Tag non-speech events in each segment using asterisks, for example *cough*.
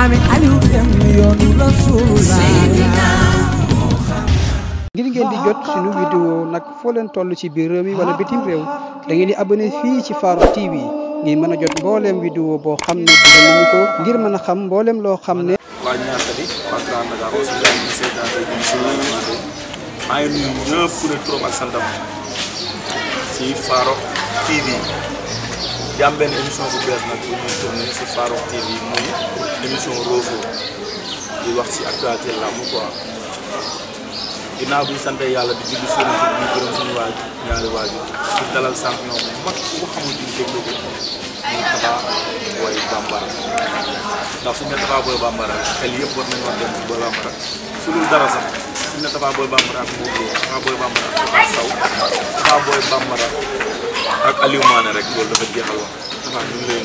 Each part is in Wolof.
maamin ngir ngeen di jot suñu vidéo nag foo leen toll ci biir réew mi wala bitim da ngeen di abonné fii ci Farokh TV ngir mën jot mbooleem vidéo boo xam ne dugal ko ngir mën a xam ñu ne ak santam TV di am benn émission bu bees nag bu ñuy tourné si TV muy émission Roso di wax si actualité làmb quoi. ginnaaw bi ñu sant yàlla di julli suñu tur bi gërëm suñu waaj ñaari waajur di dalal champion bu mag boo xamul ni déglu ko muy Tapha Boy Bambara ndax suñu ne Tapha Boy Bambara su dul dara sax suñu ne Tapha Boy Bambara ak Modou Lô Tapha Boy Bambara ak Papa rek loolu dafa jeexal wax Tapha ñu ngi lay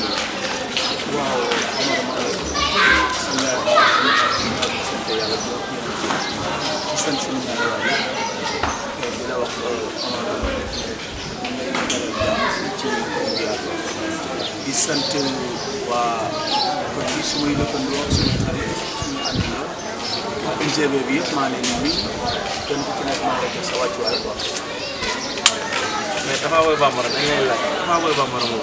sant waa kër gi su may lëkkandoo ak suñu xarit suñu àndandoo ak UGB bi yëpp maa ngi leen di nuyu kenn ku ci nekk maa ngi sa wàccuwaay quoi. mais Tapha Boy Bambara dañ lay laaj Tapha Boy Bambara moom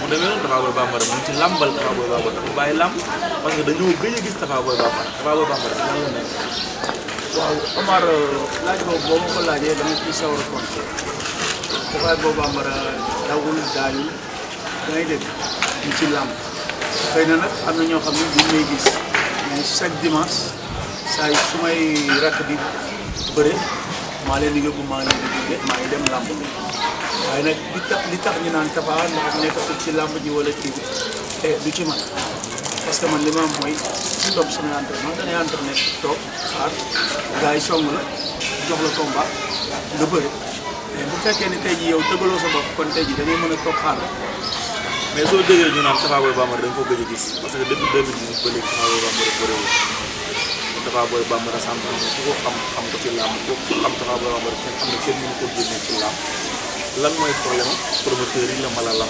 mu demee noonu Tapha Boy Bambara mu ngi ci làmbal Tapha Boy Bambara dafa bàyyi làmb parce que dañoo gëj a gis Tapha Boy Bambara Tapha Boy Bambara lan la nekk. waaw Omar euh, laaj boobu boo ma ko laajee dama ciy sawar a compter Tapha Boy Bambara dawul daañu. da ngay dégg ci làmb xëy na nag am na ñoo xam ne duñ may gis mais chaque dimanche saa yu su may rakk di bëre maa leen di maa ngi leen maa ngi dem làmb bi waaye nag li tax ñu naan Tapha ndax nekkatul ci làmb ji wala kii bi ci man parce man li ma am mooy topp sama entraînement danay entraîné toog xaar gars yi song la jox la combat nga bëri mais bu fekkee ni tey ji yow tëbaloo sa bopp kon tey ji da ngay mën a toog xaar mais soo déggee ñu naan Tapha Boy Bambara dañ ko gëj a gis parce que depuis 2010 ba léegi Tapha Boy sant ku ko xam nga ko ci làmb ku ko xam Tapha Boy Bambara kenn ne kenn mooy problème promoteur yi la mala la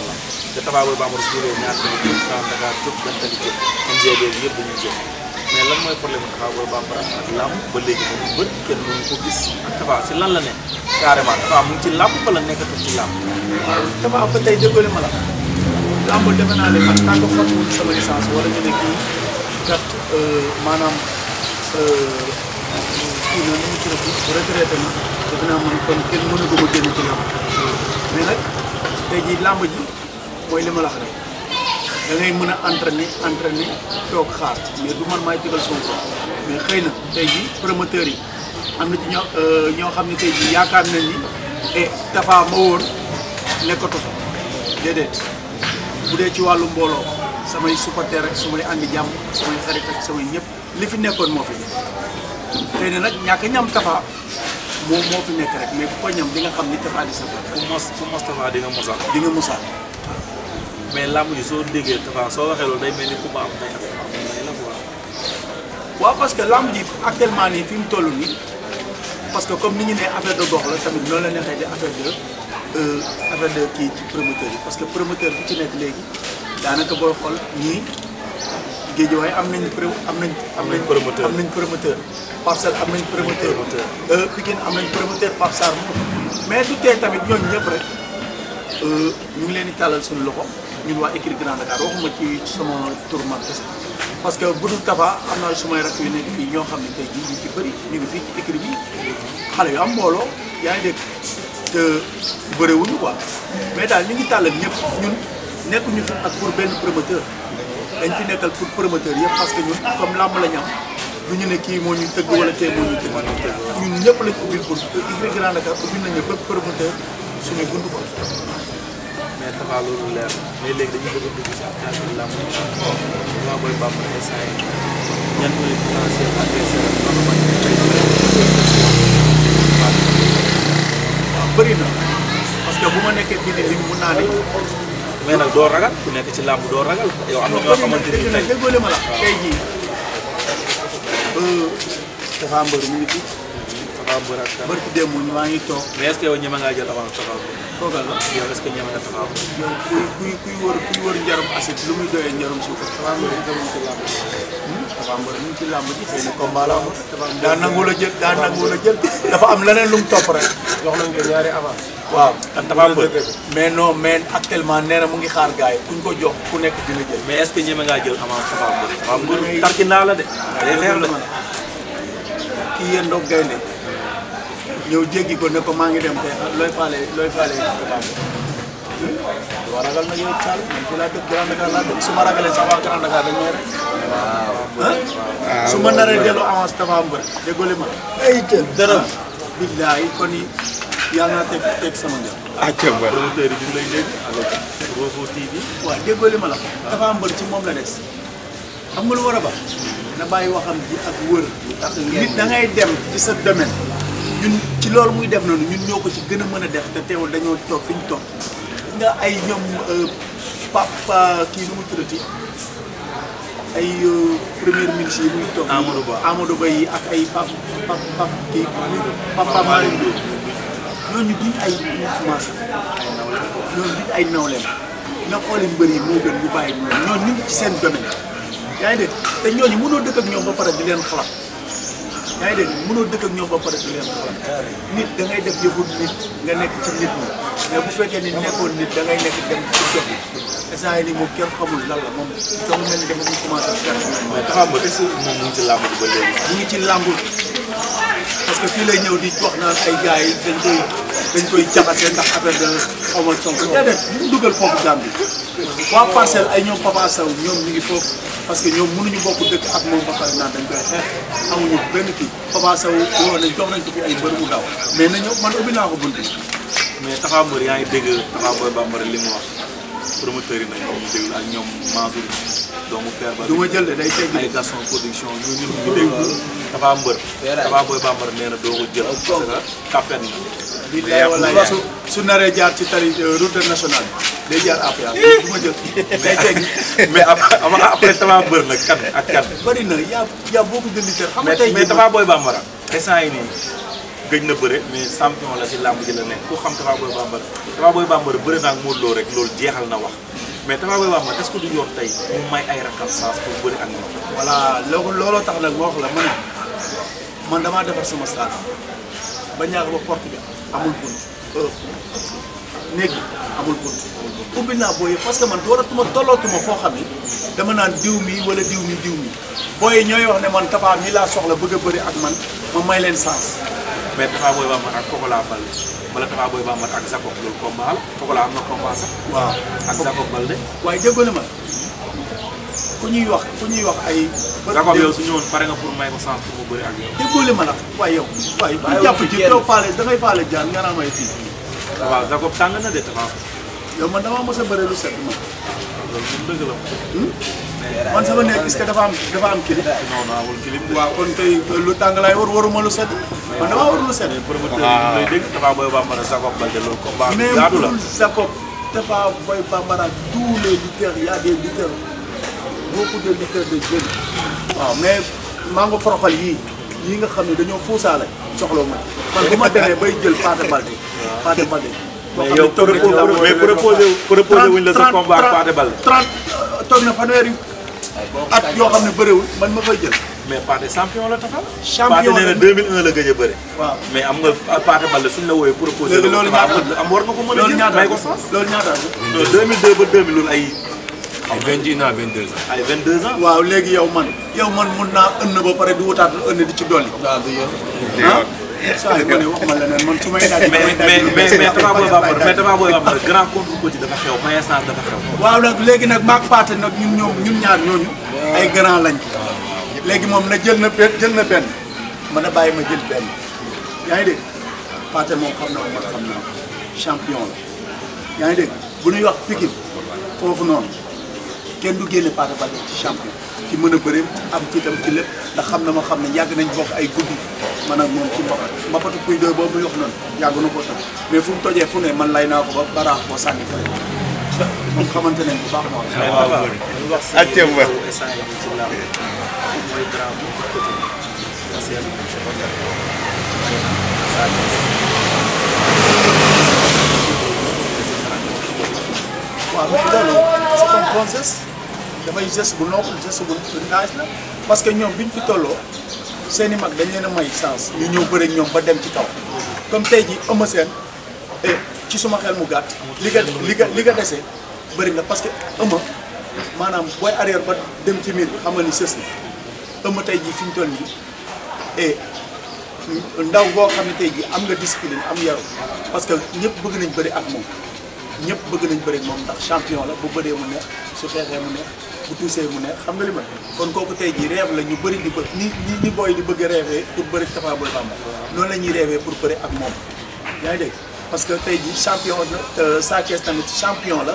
te Tapha Boy Bambara su dee ñaar tamit Grand lan mooy problème Tapha Boy ba léegi moom bët ko gis ak si lan la ne carrément Tapha mu ngi ci la wala nekkatul ci làmb waaw ba tey déggoo ma la làmb defe naa ne man tant que xottu wuñ sama licence wala ñu euh, maanaam euh, kii na nu mu ci rëdd retraité na defe naa man kon kenn mënu ko ma génn ci mais nag tey jii làmb mooy li ma la wax rek da mën a entraîner entraîner toog xaar mais du man maay tegal Sonko mais xëy na tey jii promoteurs yi am na ci ñoo euh, ñoo xam ne tey jii yaakaar nañ ni e ma woon nekkatu fa déedéet. budé ci walu mbolo samay supporter ak samay andi jam samay xarit ak samay ñep li fi nekkon mo fi xëy na nag ñàkk ñam tafa mo mo fi nekk rek mais ko ñam di nga xam ni tafa di sa ko mo ko mo tafa di nga musa di nga musa mais lamu ji so déggé tafa so waxé loolu day melni ku ba am day am la parce que lamu ji actuellement ni fim tollu ni parce que comme ni ñu né affaire de gox la tamit non la nexé di affaire de. Euh, affaire de kii ci promoteur yi parce que promoteur bu ci nekk léegi daanaka booy xool ñii géejewaay am nañ pro am nañ. am nañ promoteur am nañ promoteur. parcelle am nañ promoteur. promoteur euh, Pikine am nañ promoteur Pape mais du tee tamit ñooñu ñëpp rek euh, ñu ngi leen di tàllal suñu loxo ñun waa écurie Grand Dakar waxuma ci sama tour man parce que bu dul Tafa am naa sumay rakk yu nekk fii ñoo xam ne tey jii ñu ci bëri ñu ngi fii ci écurie bi xale yu am mbooloo yaa dégg. te bëriwuñu quoi mais daal ñu ngi tàllal ñëpp ñun nekkuñu fi ak pour benn promoteur dañ fi nekkal pour promoteur yëpp parce que ñun comme làmb la ñu du ñu ne kii moo ñu tëgg wala tey moo ñu tëgg ñun ñëpp lañ ubbil pour ubbil Grand Dakar ubbil nañu bépp promoteur suñu gund ko. mais taxaw loolu leer na mais léegi dañu bëgg a si affaire bi làmb. waaw waaw booy bàmbara instant yii ñan mooy financier bëri na parce que bu ma nekkee fii nii lim mun naa ne mais nag doo ragal ku nekk ci làmb doo ragal yow am na ñoo xamante ni tey ma la tey jii Tapha Mbeur mu ngi fi Tapha Mbeur ak Tapha ci démb maa ngi toog mais est-ce yow ñeme ngaa jël avant Tapha Mbeur toogal la yow est-ce que nga yow kuy kuy wër kuy wër lu muy ci dafa am ñu ci làmb ji daa nangu la jël daa nangu la jël dafa am leneen lu mu topp rek jox nañ ko waaw ndax dafa am mais non mais actuellement nee na mu ngi xaar gaay yi kuñ ko jox ku nekk dina jël mais est ñeme ngaa jël avance dafa am bëri waaw naa la de reer la kii yéen doog gaynde ñëw jéggi ko ne ko maa ngi dem te looy faale looy faale dafa am waaw ragal na yooyu laa dëkk Grand Dakar su ma ragalee sax waa Grand Dakar su ma naree dellu avance Tapha Mbeur déggoo li ma. ay Thiel dara. billaay kon yàlla naa teg teg sama njab. ah ma la ko. Tapha ci moom la des. xam nga lu war a ba. na bàyyi waxam ji ak wër. nit da dem ci sa domaine. ñun ci loolu muy def noonu ñun ñoo ko ci gën a mën a def te teewul dañoo toog fi ñu nga ay ñoom euh, papa kii nu mu tuddati ay euh, premier ministre yi muy toog. Amadou Ba Amadou Ba yi ak ay pap pap pap papa Malick Ndour ñooñu duñ ay commencé ñooñu duñ ay nawleem na xooli mbër yi moo gën ñu bàyyi ñoom ñooñu ñu ci seen domaine yaa ngi te ñooñu mënoo dëkk ak ñoom ba pare di leen xalaat. yaa ngi dégg mënoo dëkk ak ñoom ba pare du leen xalaat nit da ngay def jëfu nit nga nekk ci nit ñi mais bu fekkee ni nekkoon nit da ngay nekk dem ci jox instant yii nii moom kenn xamul lan la moom dafa mel ni dafa commencé. waaw xam nga est-ce moom mu ngi ci làmb ba léegi. mu ngi ci làmb. parce que fii lay ñëw di wax naan ay gars yi dañ koy dañ koy jaxase ndax affaire de xaw ma Sonko déedéet ñu dugal foofu Gambie waa parcelle ay ñëw Papa ñoom ñu ngi foofu parce que ñoom mënuñu bokk dëkk ak moom ba pare naan dañ koy xeex amuñu benn kii Papa Sow woo nañ jox nañ ko fi ay mbër mu daw mais nañu man ubbi naa ko bunt mais Tapha yaa ngi dégg Tapha Boy Bambara li wax promoteurs yi nañu ñu déglu ak ñoom Mansour doomu Père Ba. du ma jël de day teg ay Gaston production ñun ñun ñu déglu dafa mbër. dafa booy bambara nee na doo jël. Oh, parce que kàppet na. su naree jaar ci tari euh, route nationale bi *laughs* ma jël. day teg mais après après dafa mbër nag kan ak kan. bari na y' a y' xam nga tey mais dafa booy bambara. instant yi nii. gëj na bëre mais champion la ci nekk ku xam Tapha Boy Bambara Tapha Boy Bambara bëre naa ak Modou na wax mais Tapha Boy Bambara est-ce que du yoon tey mu may ay rakam looloo tax nag wax la man damaa defar sama stade ba ñaax ba porte amul bunt euh, néeg bi amul bunt ubbi naa booy parce que man dooratuma tollootuma foo xam ni dama naan diw mi wala diw mi diw mi booy ñooy wax ne man Tapha mi laa soxla bëgg a bëri ak man ma may leen chance. mais Tapha Boy Bambara ak Pokola Balde wala Tapha Boy Bambara ak Jacob loolu combat Pokola am na combat sax. waaw ak Jacob Balde. waaye déggoo ñuy wax ku ñuy wax ay. Jacob yow su ñëwoon pare nga pour may ko sens pour mu bëri ak yow. déggoo na ma nag waaye yow. waaye bu jàpp ci dangay faale jaan nga naan may fii. waaw Jacob tàng na de Tapha. yow man damaa mos a lu set man. man sama nekk est-ce dafa am dafa am clim non non amul clim waaw kon tey lu tàng laay war waruma lu sedd man dama war lu sedd promoteur lay dégg dafa boy bambara sakop balde loolu combat gaadu la sakop dafa boy bambara tous les lutteurs il a des lutteurs beaucoup de lutteurs de jeunes waaw mais mango foroxal yi yi nga xam ne dañoo fuusaale ma man bay jël balde balde mais la combat balde 30 at yoo xam ne bëriwul man ma fay jël. mais Pathé champion la Tapha. champion la Pathé nee na la gëj a bëri. mais am nga Pathé Baldé suñ la wooyee proposé. léegi loolu ñaata am war nga ko mën a jël may ko sens. loolu ñaata la 2002 ba 2000 loolu ay. ay 21 ans 22 ans. ay 22 ans. waaw léegi yow man yow man mun naa ënn ba pare di wutaat lu ënn di ci dolli. saa yu ma ne waxuma leneen man su may daaj. mais mais mais mais Tapha Boy Bambara mais Tapha Boy Bambara grand contre petit dafa xew maestance dafa xew. waaw nag léegi nag maag Fatou nag ñun ñoom ñun ñaar ñooñu. ay grand lañ. léegi moom na jël na benn jël na benn mën a bàyyi ma jël benn yaa ngi dégg Fatou moom xam na ko man xam naa champion la yaa ngi dégg bu ñuy wax Pikine foofu noonu kenn du génne Pathé Baldé ci champion. ci mën a bëreem am ci itam ci lépp ndax xam na ma xam ne yàgg nañ bokk ay guddi man ak moom ci mbapat mbapatu kuy doy boobu muy wax noonu yàgg na ko tam mais fu mu tojee fu ne man lay naa ko ba baraax koo sànni xamante nañ bu baax moom ak teew ba waaw loolu c'est comme princesse dafay geste bu noble geste bu nice la parce que ñoom bi ñu fi tolloo seeni mag dañ leen a may sens ñu ñëw bëri ñoom ba dem ci kaw comme tey ji Eumeu Sène ci suma xel mu gàtt li nga li nga li nga dese bëri na parce que Eumeu maanaam booy arrière ba dem ci miir bi xam nga ni sës na Eumeu tey jii fi ñu toll nii ndaw boo xam ne tey jii am nga discipline am yaru parce que ñëpp bëgg nañ bëri ak moom ñëpp bëgg nañ bëri moom ndax champion la bu bëree mu neex su xeexee mu neex bu tuusee mu neex xam nga li ma kon kooku tey jii rêve la ñu bëri ni bëgg ni ni ni booy di bëgg rêvé pour bëri Tapha Boy Bambara noonu la ñuy rêvé pour bëri ak moom yaa ngi dégg parce que tey jii champion la Sa Thiès tamit champion la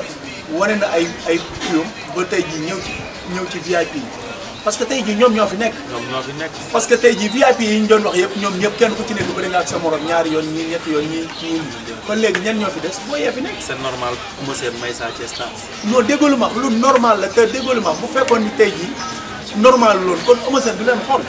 wane na ay ay puom ba tey jii ñëw ci ñëw ci VIP parce que tey jii ñoom ñoo fi nekk. ñoom ñoo fi nekk. parce que tey jii VIP yi ñu doon wax yëpp ñoom ñëpp kenn ku ci nekk bëri nga ak sa morom ñaari yoon ñii ñetti yoon ñii ñii kon léegi ñenn ñoo fi des boo yee fi nekk. c'est normal monsieur Mbaye Sa Thiès non déglu ma lu normal la te déglu ma bu fekkoon ni tey jii normal loolu kon Eumeu Sène du leen xool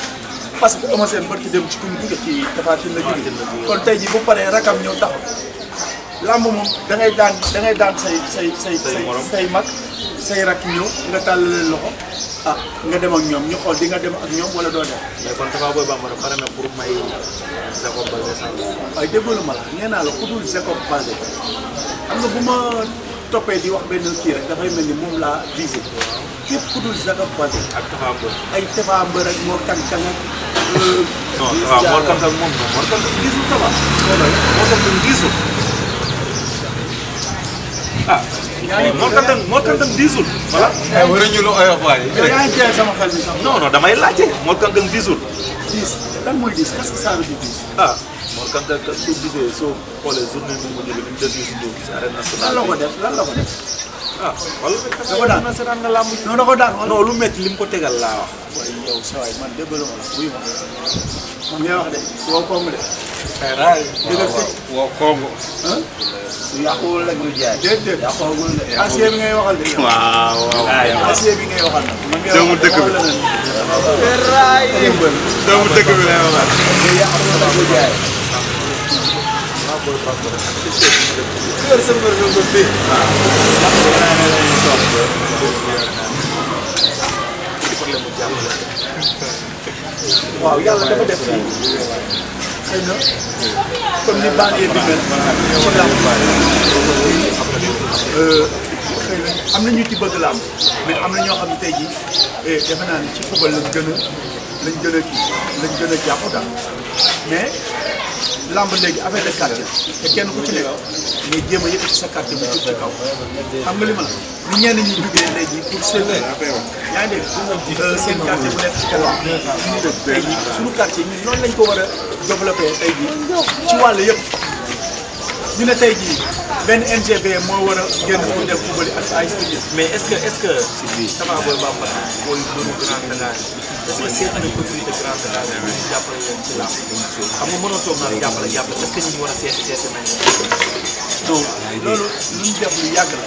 parce que Eumeu Sène mbër ci dem ci ku mu jóge ci tafaatin la jóge kon tey jii bu paree rakam ñëw taxaw làmb moom da ngay daan da ngay daan say say say say mag say rakk ñëw nga tàllal loxo ah nga dem ak ñoom ñu xool di nga dem ak ñoom walla doo dem. mais kon Tapha may Jacob ma la nee naa la ku dul Jacob Baldé xam bu ma toppee di wax benn kii rek dafay mel ni moom laa visé képp ku dul Jacob Baldé ak Tapha Mbeur ay moo kankan ak non waaw moo moo kankan gisul gisul ah Mor Kantan Mor Kantan diisul. voilà ay eh, waruñu lu oyof waay. yow yaa ngi jaay sama xel bi sax. non lan mooy diis qu'est-ce que ça veut dire diis. ah Mor soo gisee soo xoolee journée bi mu mu def Youssou Ndour ci arène la ko def la ko def. ah wala da ko daan seetaan nga làmb non da ko daan non lu métti li mu ko tegal laa wax. waaye yow sa waay man déglu ma la buy ma man ngay wax de woo koom de. xëy na dëgg la woo koom. yàquwul rek lu jaay. déedéet yàquwul de acier bi ngay waxal de. waaw waaw acier bi ngay waxal. man ngay doomu dëkk bi. doomu dëkk bi lay waxal. yàquwul rek lu jaay. un le Biar sumber waaw def comme ni mais bandes, mais làmb léegi affaire de quartier te kenn ku ci nekk ngay jéem a yëkkati sa quartier bu jub ci kaw xam nga li ma la ni ñenn ñi jugee léegi pour seen yaa ngi dégg euh, seen noonu lañ ko war a développé tey jii ci wàll yëpp ñu ne tey jii benn NGB moo war a génn mu def fubali ak ay studio mais est-ce que est-ce que ça va booy baax booy bëri grand dama seet na autorité grande daal ñu jàppale leen ci làmb xam nga mënoo toog naan jàppale jàppale est-ce que ñu war a seeti seeti nañ donc loolu lu ñu def lu yàgg la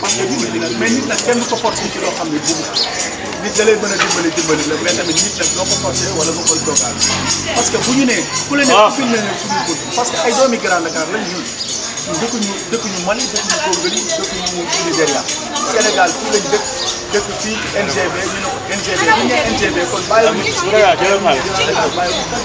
parce que mais nit nag kenn du ko forcé ci loo xam ne bugg nit da lay mën a dimbali dimbali la mais tamit nit nag doo ko forcé wala nga koy toogaal parce que bu ñu nee ku le ne ku fi ne suñu bëgg parce que ay doomi Grand Dakar lañ ñun dëkkuñu dëkkuñu Mali dëkkuñu Congo dëkkuñu Nigéria Sénégal fii lañ dëkk dëkk fii NGB ñu ne ko NGB ñu ne NGB kon bàyyiwuñu. Moutaga jërëjëf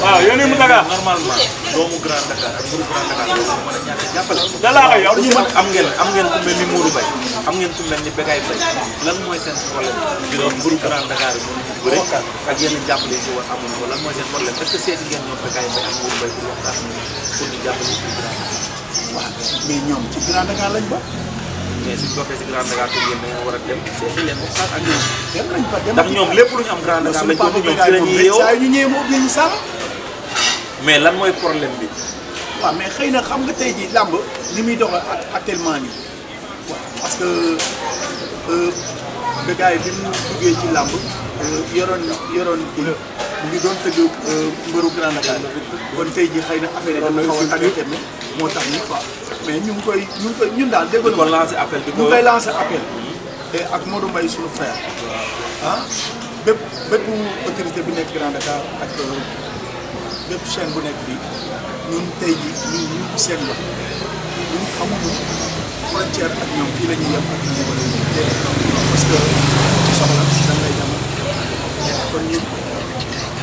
waaw yéen a Moutaga. normalement doomu Grand Dakar ak groupe Grand Dakar doo ko mën a ñàkk a jàppale. dalaa yow ñu mën am ngeen am ngeen ku mel ni Modou Mbaye am ngeen ku mel ni Bekay Mbaye lan mooy seen problème bi doon groupe Grand Dakar yi moom bu bëri ak yenn jàppale yi si war amuñu ko lan mooy seen problème est-ce que seeti ngeen ñoom Bekay Mbaye ak Modou Mbaye pour waxtaan pour ñu jàppale groupe Grand Dakar waa mais ñoom ci Grand Dakar lañ ba. mais suñ bokkee si Grand Dakar te ngeen da war a dem seeti leen waxtaan ak ñoom. dem nañ fa dem ndax ñoom lépp lu ñu am Grand Dakar lañ ko mais lan mooy problème bi. waaw mais xëy na xam nga tey jii làmb li muy doxal actuellement nii waaw parce que ba yi bi mu duggee ci làmb yoroon yoroon kii mu ngi doon tëgg mbëru Grand Dakar kon tey jii xëy na affaire yi dafa xaw a tàggatam moo tax ñu quoi mais ñu ngi koy ñu ngi koy ñun daal dégg nga. kon appel bi mu ngi koy lancer appel. et ak Modou Mbaye suñu frère. Ah? autorité bi nekk Grand Dakar ak euh, bépp chaîne bu nekk fii ñun tey jii ñun ñu ngi seen loxo ñun xamuñu frontière ak ñoom fii la ñuy yem ak ñoom parce que ci soxla dañ lay demal kon ñun.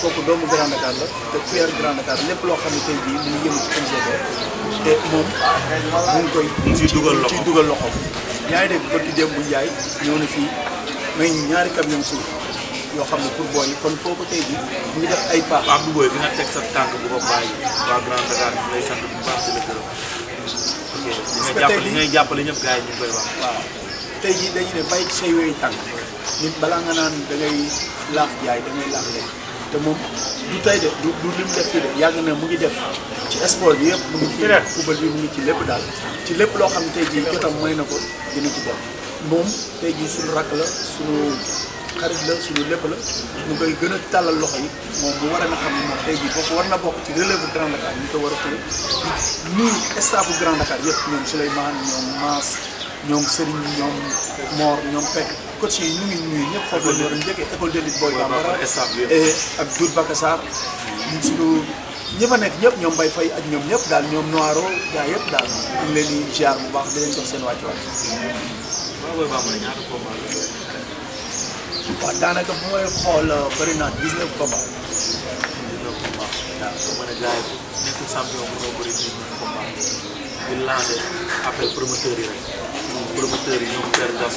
kooku doomu Grand Dakar la te fier Grand Dakar lépp loo xam ne tey jii mu ngi yëngu ci MGD te moom mu ngi koy. mu ciy dugal loxo mu ciy dugal loxo. yaa ngi dégg bëgg démb bu yaay fii may ñaari camion suuf yoo xam ne pour booy kon kooku tey jii ñu def ay pas. bu booy bi nga teg sa tànk bu ko bàyyi waa Grand Dakar ñu lay sant bu baax la gërëm. parce li ngay jàppale ñëpp gars yi ñu koy wax. waaw tey jii dañu ne bàyyi ci bi wéy tànk nit balaa nga laax jaay te moom du tey de du du lim def fii de yàgg na mu ngi def ci sport bi yëpp mu ngi ci football bi mu ngi ci lépp daal ci lépp loo xam ne tey jii jotam may ko dina ci bopp moom tey jii suñu rakk la suñu xarit la suñu lépp la mu koy gën a tàllal loxo yi moom bu war a nga xam ne moom tey jii bokk war na bokk ci relève bu Grand Dakar ñu ko war a tëye nii staffu Grand Dakar yëpp ñoom Souleymane ñoom Mass ñoom Serigne ñoom Mor ñoom Pekk coach yi ñu ngi ñuy ñëpp xool nañu war a njëkkee école de lutte Boy Bambara ak Dour Bakassar ñun suñu ñi fa nekk ñëpp ñoom Mbaye Faye ak ñoom ñëpp daal ñoom Noiro gaa yëpp daal ñu ngi leen di bu baax di seen wàccuwaay. daanaka bu may xool euh, bëri na 19 promoteurs yi ñoom Père Gas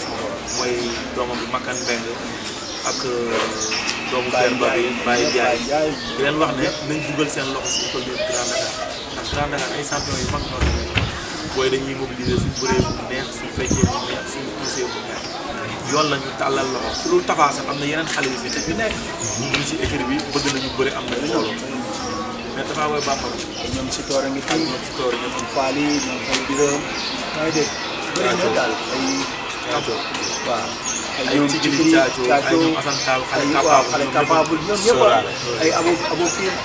mooy doomam bi Makan Mbengue ak euh, doomu Père Ba bi Baye Diaye leen wax ne nañ dugal seen loxo si école de Grand Dakar ndax Grand Dakar ay champion yu mag noonu la booy dañuy mobiliser suñ bëree bu neex yoon la ñu tàllal loxo su loolu tafaa sax am na yeneen xale yu fi te ñu nekk ñu ngi ci écrit bi bëgg nañu bëri am na loolu mais tafaa booy bàppam ñoom si toor a ngi tànn ñoom si toor ñoom faali ñoom fay biram bëri na daal ay caacoo waaw ay tigri caacoo waaw xale capable ñoom ñëpp ah. ah. ay abo abo fiir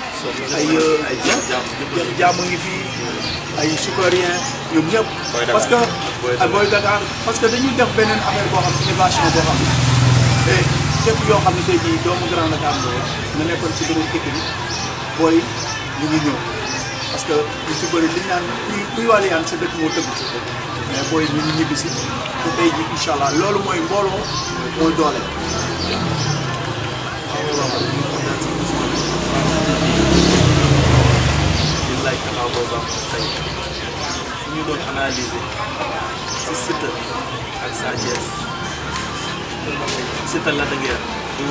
ay euh, jàmm ngi fii ay sukarien ñoom ñëpp parce que booy Dakar parce que dañuy def beneen affaire boo xam innovation boo xam ne képp yoo xam ne tey jii doomu Grand Dakar booy na nekkoon ci beneen équipe booy ñu ngi ñëw parce que ñu ci bëri liñ naan kuy kuy wàllu yaan sa dëkk moo tëgg mais booy ñu ñibbi si te tey ji incha allah loolu mooy mbooloo mooy doole. billaay kanaaw boobu am tey ñu doon analyser si Siteu ak Sa Thiès Siteu la dëgër du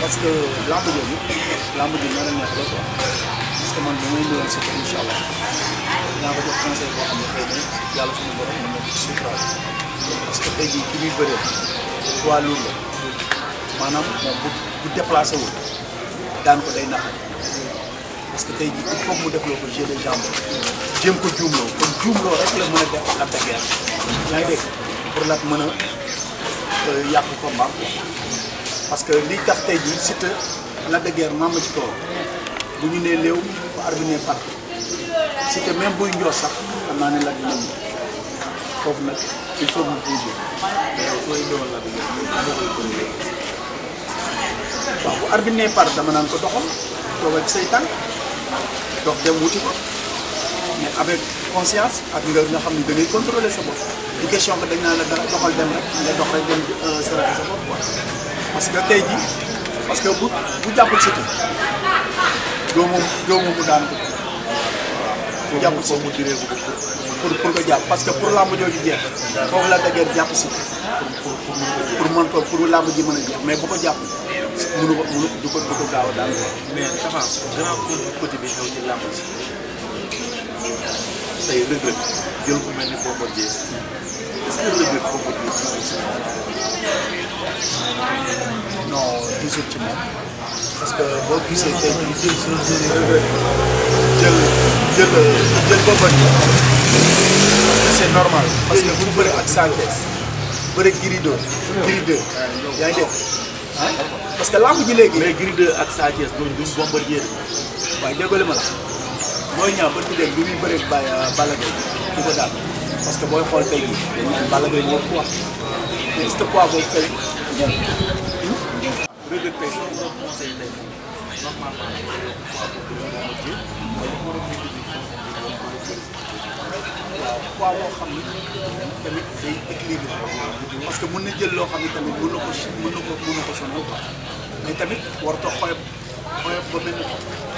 parce que lamb jooju lamb ji nar a neex la quoi parce teman man bu may ñëwoon si incha allah dinaa ko jox conseil boo xam ne xëy na yàlla suñu borom mën na ko ci suufaal parce que tey jii ki muy bëree poids lourd la maanaam moom bu bu déplacé wul daan ko day naqari parce que tey jii il faut mu defloo ko jeu de jambe jéem ko a euh, combat parce que li tax tey jii Siteu Lac de Guiers maam ci kaw bu ñu nee léew ba arbitre parti Siteu buy njoos sax xam ne Lac de Guiers foofu nag il faut dama naan ko doxal toogal ci say dox dem wuti ko mais avec conscience ak nga nga xam ne da ngay sa bopp. du question que dañ la dara doxal dem rek nga dox rek dem euh, sa bopp quoi. parce que tey ji parce que bu bu jàppul Siteu doo moom doo moom mu daan ko waaw bu jàppul Siteu mu duree ko pour pour ko jàpp parce que pour làmb jooju jeex foofu la daggeer jàpp Siteu pour mën ko pour làmb ji mën a jeex mais bu ko jàpp mënu ko mënu ko du ko gaaw a daan mais Tapha grand côté bi xew ci làmb ji tey Reug Reug mel ni Bombardier est que parce que boo gisee tey jii jël suñu jël jël jël boobu c'est normal parce que bu bëree ak Sa Thiès bëri yaa ngi parce que lamb ji léegi. mais Gris 2 ak Sa Thiès duñ duñ bombardier waaye déggoo ma la mooy ñaar ba ñu dem bi muy bëreeg Balla Gaye di ko daal. parce que booy xool tey jii dañu naan Balla Gaye moo poids mais est-ce que poids boobu tey. regret tey loolu moo conseillé tey normalement waaw poids boo xam ne tamit day équilibré parce que mën na jël loo xam ne tamit mën na ko mën na ko mën na ko sonal quoi mais tamit warut a xoyof xoyof ba mel ni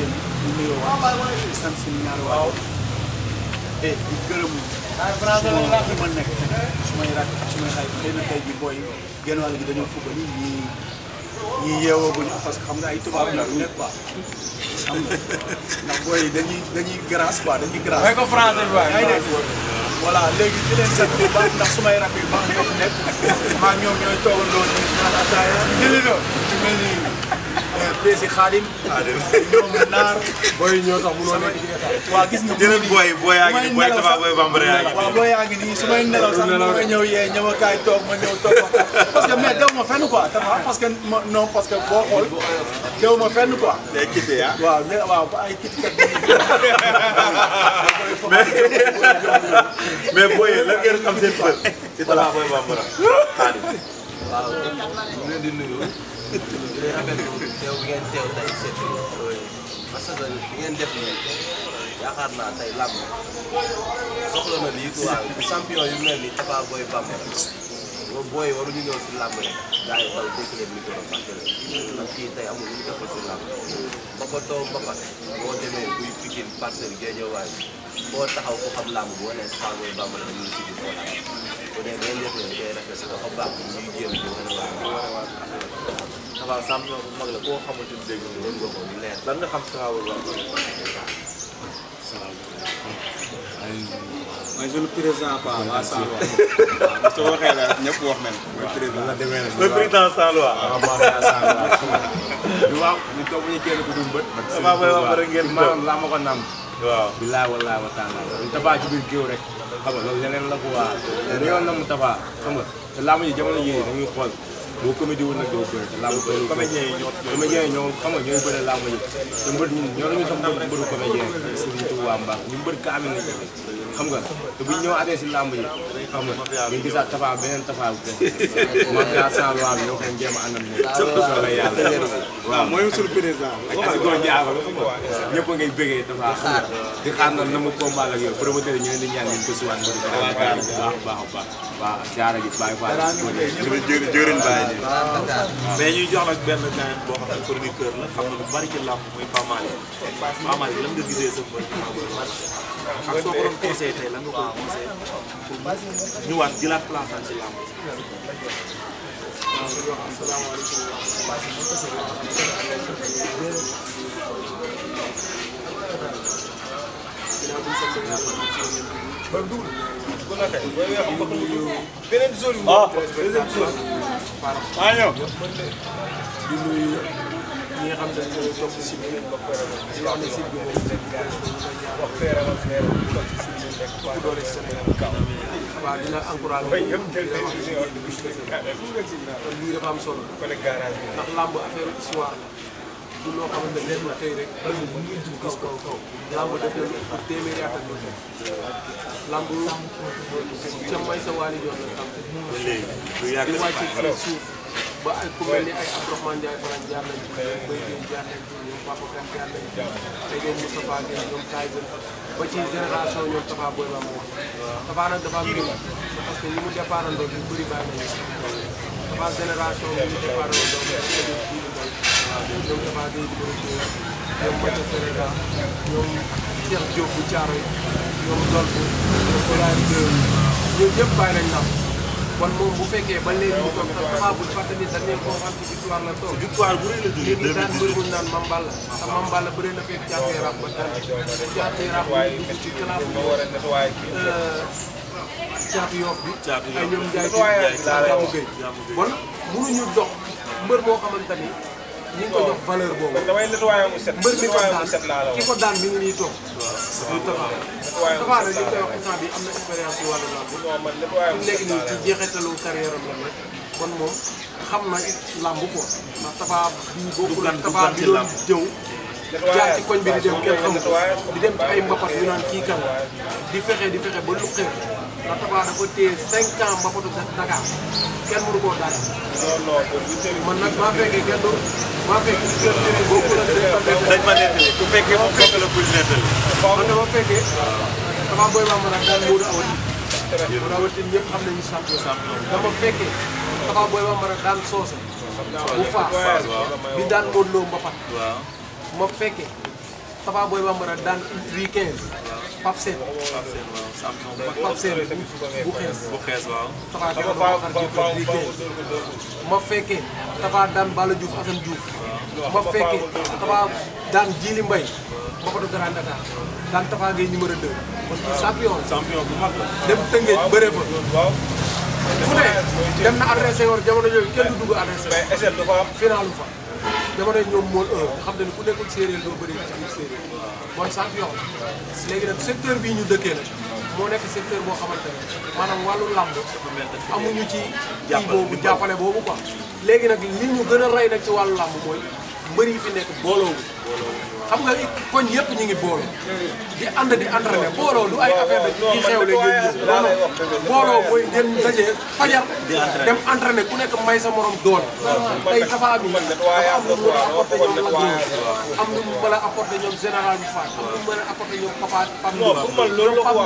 génn ñu nuyoo waat di sant suñu ñaari waat et eh, di gërëm su ma nekk su may rakk su may xarit xëy na tey ji booy genn wàll gi dañoo fukka ni ñii ñii yeewooguñu parce que xam nga ay tubaab ñoo fi nekk quoi xam nga ndax booy dañuy dañuy grâce quoi dañuy grâce ko français bi waay voilà léegi di leen sant bu baax ndax su may rakk yu baax ñoo fi nekk *laughs* maa ñoom ñooy toogandoo ñu naan ataaya mel ni Prési Xaadim. ñoom naar. booy yi ñoo tax munoo nekk ci état. waaw gis nga jëlal booy booy yaa ngi booy tabax booy bambara yaa ngi. waaw booy yaa ngi nii su may nelaw sax ma ñëw yee ñëwakaay toog ma ñëw toog parce que mais dew ma fenn quoi tabax parce que non parce que boo xool dew ma fenn quoi. day quitté ah. waaw mais waaw ay quitté kat mais booy lan ngeen xam seen kër. ci tabax booy bambara. waaw ñu ngi leen di nuyu. di rafetlu teew bi ngeen teew tey seet parce que li ngeen def nii yaakaar naa tey làmb soxla na lii quoi champion yu mel ni Tapha Boy Bambara boobu booy yi waruñu ñëw si làmb rek gars yi daal dégg leen micro fàtte leen ndax kii tey amul lu ñu defal si làmb mbokkoto mbokkote boo demee buy Pikine Parcelles Guédiawaye boo taxaw ko xam làmb boo nee Tapha Boy Bambara dañuy si di boo làmb bu dee ngeen def leen day rafetlu dafa baax ñu jéem di wane waat waaw champion bu mag la koo xamante ni dégg nga loolu waxoon leer lan nga xam Kara Wulf waaw mooy suñu président quoi waa Saloua waaw soo waxee la ñëpp wax nañ. waaw président la demee nañ. Ah, waaw président Saloua. waaw maa ngi lay waaw ñu toog ñu kenn ku dul bët. damaa koy wax rek ngeen maanaam laa ma ko nam. waaw bilaa walaa wa taala tabaa ci biir géew rek xam nga loolu leneen la ko waa. leneen la mu tabaa xam nga te laa ma ñu jamono yii dañuy xool. boo comédie wul nag doo bëri te làmb bëri comédien yi ñoo comédien yi ñoo xam nga ñooy bëri làmb yi te mbër ñun ñoo la ñu sax mbër mbëru comédien yi Serigne Touba Mbacke ñu mbër kaame nañ xam nga te buñ ñëw adee si làmb yi xam nga ñu gisaat tafa beneen tafa bu *laughs* ma ga sanloi bi ñoo xam jéem a àndal moom la yàlla waaw mooy suñu président si koo jaaxal ñëpp a ngay bégee dafa xaar di xaar na na mu combat ak yow promoteur yi ñu leen di ñaan ñu ko suwaat mbëru baax baax baax waaw jaara ji bàyyi ko àll si côté jë jërëjëf benn gars boo xam ne la xam nga lu bari ci làmb muy Pape Malick. Pape Malick lan nga gisee sa mbër ak soo ci làmb. bu naxee booy weex ba xam beneen zone yi. ah deuxième zone. maa ñëw. di nuyu ñi nga xam ne dañoo topp si bi ba pare di wax ne si bi moom rek gars yi wax feere ma feere bu topp si bi rek waa doole Sénégal kaw. waaw dina encouragé waaye yëpp jël benn vision. kon lii dafa am solo. ndax làmb affaire histoire la. du loo xamante ne la xëy rek xëy na ñu ngi kaw kaw kaw. làmb def na pour téeméeri at ak lu nekk. làmb ca mbay sa waali yoon la tàmm. léegi lu yàgg di wàcc ci suuf ba ay ku mel ni ay Abdourahmane Ndiaye Faran jaar nañ ci ñoom Mbaye Guèye jaar nañ ci ñoom Papa Kan jaar nañ ci te ñoom Moustapha Guèye ñoom Tyson ba ci génération ñoom Tafa Boy Bam wax. Tafa nag dafa am parce que ñi mu départandoo bi bëri bàyyi nañu Tafa génération bi ñu départandoo ñoom ñoom Tafa Gueye di ko jëlee ñoom Mathia Sénéga ñoom Cheikh Diop bu Thiaroye ñoom Dolfo ñoom Olaari Diop ñoom ñëpp bàyyi nañ ndam kon moom bu fekkee ba léegi ñu toog te Tafa bu fàttali dañ leen koo xam ci victoire la toog. victoire bu rëy la jógee léegi daan bëri mu naan Mamballa te Mamballa bëri na fekk Thiatou Yarakh ba tànn Thiatou Yarakh ñu dugg ci classe bi. caatu yoof bi ay ñoom jaay ci jaay ci gàmmu gay bon mënuñu dox mbër moo xamante ni ñu ngi ko jox valeur boobu. damay nettoyé mu set. mbër mi ko daan ki ko daan mi ngi nii toog. waaw waaw nettoyé mu set li koy wax instant am na expérience yu wàllu làmb. waaw la ci jeexitalu am la nekk xam na làmb ko ndax tabaab bi bokkul ak tabaab bi doon jëw. jaar koñ bi di dem kenn xamul di dem ci ay mbapat yu naan kii kan di fexe di fexe ba lu xew. ndax Tapha dafa téye 5 ans Mbapatu Dakar kenn mënu koo daal. man nag maa fekkee kenn du maa fekkee ci kër gi bokkul ak dañ ma nettali bu fekkee moom fekk la bul nettali. man dama fekkee Tapha Boy Bambara daal Modou Awadi. rawatina ñëpp xam nañu champion daan soose bu faas bi daan Modou Lo Mbapat ma fekkee Papa Boy Bambara daan ri 15. Pape Sène. Pape Sène waaw champion bu xees. bu xees waaw. Tafa keroog ma xar fekkee Tafa daan Bala Diouf Assane Diouf. ma fekkee Tafa daan Djili Mbaye. ma ko dugg Grand Dakar. daan Tafa Gueye numéro 2. kon ci champion dem Tëngéej bëree fu ne dem na adressé woon jamono kenn du dugg adressé. mais fa. dama ne ñoom mool heure nga xam ne ku nekkul séeréer doo bëri ci biir séeréer man sant yoon léegi nag secteur bii ñu dëkkee nag moo nekk secteur boo xamante ne maanaam wàllu làmb amuñu ci kii boobu jàppale boobu quoi léegi nag li ñu gën a rey nag ci wàllu làmb mooy mbër yi fi nekk booloo xam nga koñ yëpp ñu ngi booloo di ànd di entraîné booloo du ay affaire de kii xew la ngeen ñëw booloo mooy ngeen daje fajar dem entraîné ku nekk may sa morom doole tey dafa am dafa am lu mu mën a apporté ñoom la góor a apporté ñoom général bi Fall am lu mu a apporté ñoom papa Pam Ndour ñoom Pam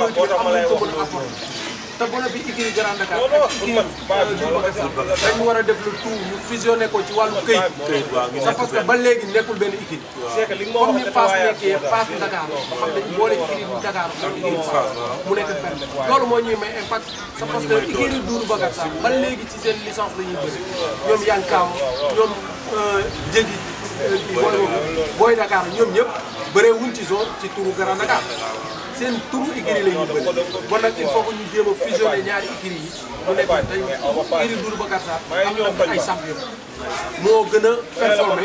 Ndour am lu mu ko te bone ne bii écurie Grand Dakar war a def le tout ñu fusionné ko ci wàllu këyit. këyit waaw parce que ba léegi nekkul benn écurie. waaw comme ni Fass nekkee Fass Dakar nga xam ne boole écurie Dakar ak mu nekk benn loolu moo ñuy may impact. c'est parce que écurie Doudou Baka sax ba léegi ci seen licence la ñuy bëri ñoom Yankaam ñoom Jéggi. Euh, euh, booy Dakar ñoom ñëpp bëree wuñ ci zone ci turu Grand Dakar. seen turu écurie la ñuy bëri bon nag il faut que ñu jéem a fusionner ñaari écurie yi mu nekk dañu écurie Doudou Boubacar Sarr am na ay champion moo gën a performé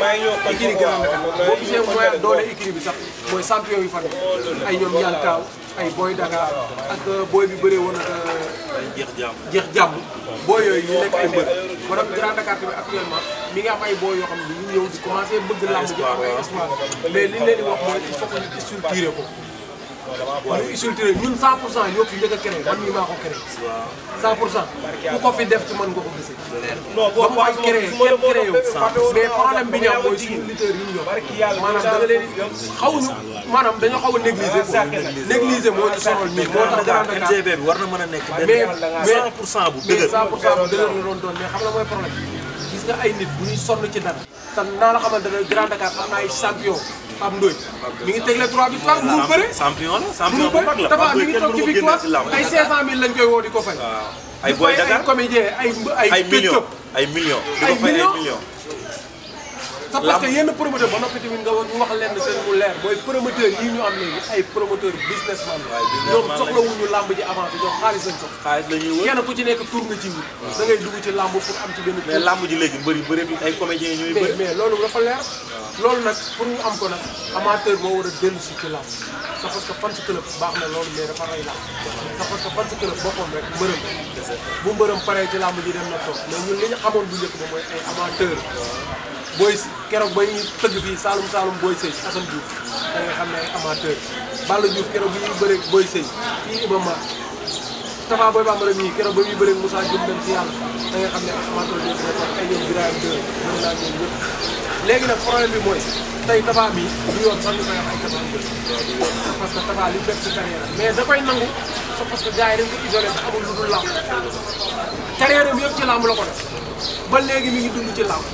écurie Grand Dakar boo gisee mooy doole écurie bi sax mooy champion yi fan oh, ay ñoom yankaaw ay booy Dakar ak euh, booy bi bëree woon ak euh, jeex jàmm booy yooyu ñu nekk ay mbër ba nag Grand Dakar tamit actuellement mi ngi am ay booy yoo xam ne ñu ñëw di commencé bëgg làmb ji am ay espoir mais li leen di wax mooy il faut que ñu structuré ko ñu isulturé ñun 100 pour cent yoo fi njëkk a man mii maa ko créé 100 pour cent ko fi def ci mën nga ko gisee mais problème bi ñu am mooy na mën a nekk benn 100 pour mais 100 pour cent bu dëgër la doon mais xam la mooy problème gis ay nit bu ñuy sonn ci dara te naa la xamante ne Grand Dakar am na ay champion Pape Ndoye mi ngi teg la trois victoires mënul bëre champion la champion bu mag la dafa mi ngi toog ci victoire ay 500000 lañ koy woo di ko fay ay boy Dakar ay comédien ay ay millions ay millions di ko fay ay millions sax parce que yenn promoteur ba noppi tamit nga ñu wax lenn seen mu leer mooy promoteur yi ñu am léegi ay promoteur businessman la ñoom soxlawuñu lamb ji avancé ñoom xaalis lañ soxla la ñuy wër kenn ku ci nekk tour nga ci wut am ci benn mais bi ay dafa leer loolu nag pour ñu am ko nag amateur moo war a dellu si ci lamb sa parce que fan baax na loolu mais dafa rey lamb sa parce que fan boppam rek mbërëm bu mbërëm paree ci lamb ji dem na toog mais ñun li ñu xamoon bu njëkk ba mooy ay booy si keroog ba ñuy tëgg fii Saalum Saalum booy sëy Assane Diouf da nga xam ne amateur Balla Diouf keroog bi ñuy booy sëy fii Iba Mar Tafa booy bambara mii keroog ba ñuy bëre Moussa Diouf si yàlla da nga xam ne ay amateur yi dina toog ay ñoom Birame Diouf mën léegi nag problème bi mooy tey Tafa bi du yoon sax ñu que Tafa li mais da nangu façon que gars yi dañ te amul lu yëpp ci làmb la ko def ba léegi mi ngi dund ci làmb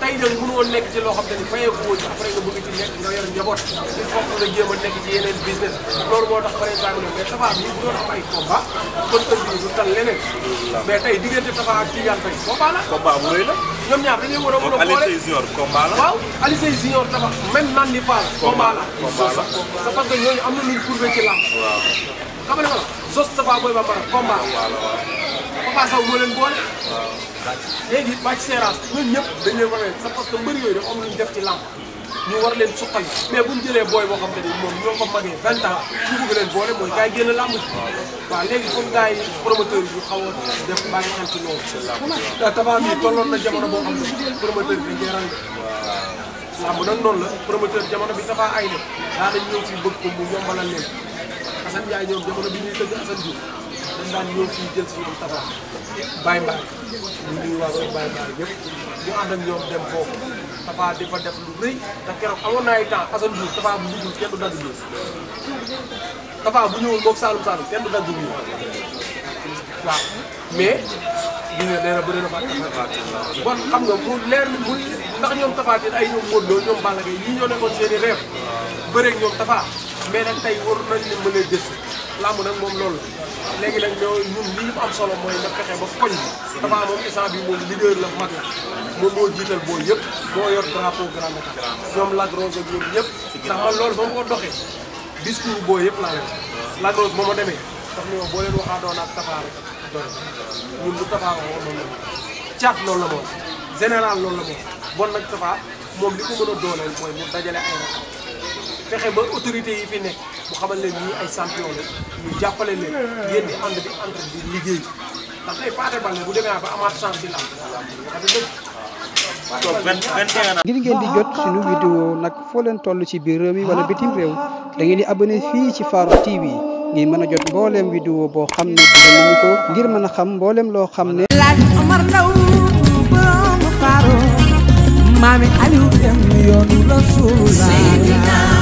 tey nag mënu nekk ci loo xam te ni fayeeku woo ci après nga bëgg ci nekk nga yor njaboot il faut nga jéem a nekk ci yeneen business loolu moo tax par exemple mais Tapha bi bu doon am ay combat kon heure du tal leneen mais tey diggante Tapha ak Tidiane Faye combat la combat bu rëy la ñoom ñaar dañuy war a mën a boole Aliou Seye Junior combat la. waaw Aliou Seye Junior dafa naan ni Fall. combat la combat la c'est parce que ñooñu am na luñ prouvé ci làmb. waaw xam nga Zoss Tapha Boy Bambara combat la. Papa Sow moo leen boole. waaw léegi bàcc seeraas ñun ñëpp a c'est parce que yooyu dafa am luñ def ci làmb. ñu war leen suqal mais bu ñu jëlee booy boo xam te ni moom ñoo ko magee vingt ans ñu bëgg leen boole mooy gars yi génn làmb ji léegi comme gars yi promoteur yi xaw a def bàyyi xel ci na jamono boo xam ne promoteur bi dañ koy làmb nag noonu jamono bi tafa ay ne daa dañ ñëw fii bëgg ko mu yombalal leen Assane Ndiaye ñoom jamono bi ñuy tëgg Assane Diouf dañ daan si ñoom tafa bàyyi mbaar ñu ñuy waa Baye Mbaar yëpp ñu ànd ak dem foofu Tapha di fa def lu rëy ndax keroog amoon na ay temps Assane Diouf Tapha bu duggul bu ñëwul boog Saalum Saalum kenn du dagg Diouf waaw mais ñu ne nee na bëri na fa kon xam nga mu leer mu ndax ñoom Tapha Tine ay ñoom Modou Lo ñoom Balla Gaye yi ñoo nekkoon seen i réew bëreeg ñoom Tapha mais nag tey war nañ leen mën làmb nag moom lool la léegi nag ñoo ñun li ñu am solo mooy nga fexe ba koñ bi dafa moom instant bi moom leader la mag la moom moo jiital boo yëpp moo yor drapeau grand état ñoom Lac Rose ak ñoom ko doxee discours boo yëpp laa leen Lac Rose ba ma demee la loolu la moom général loolu moom bon li ko mën a dooleel mooy mu dajale ay rakam fexe ba autorité yi fi di ànd di entre ngir ngeen di jot suñu vidéo nag foo leen toll ci biir réew mi wala bitim réew da ngeen di abonné fii ci Farokh TV ngir mën a jot mbooleem vidéo boo xam ne dinañ ko ngir mën a xam mbooleem loo xam ne laaj Omar Ndaw borom Farokh maami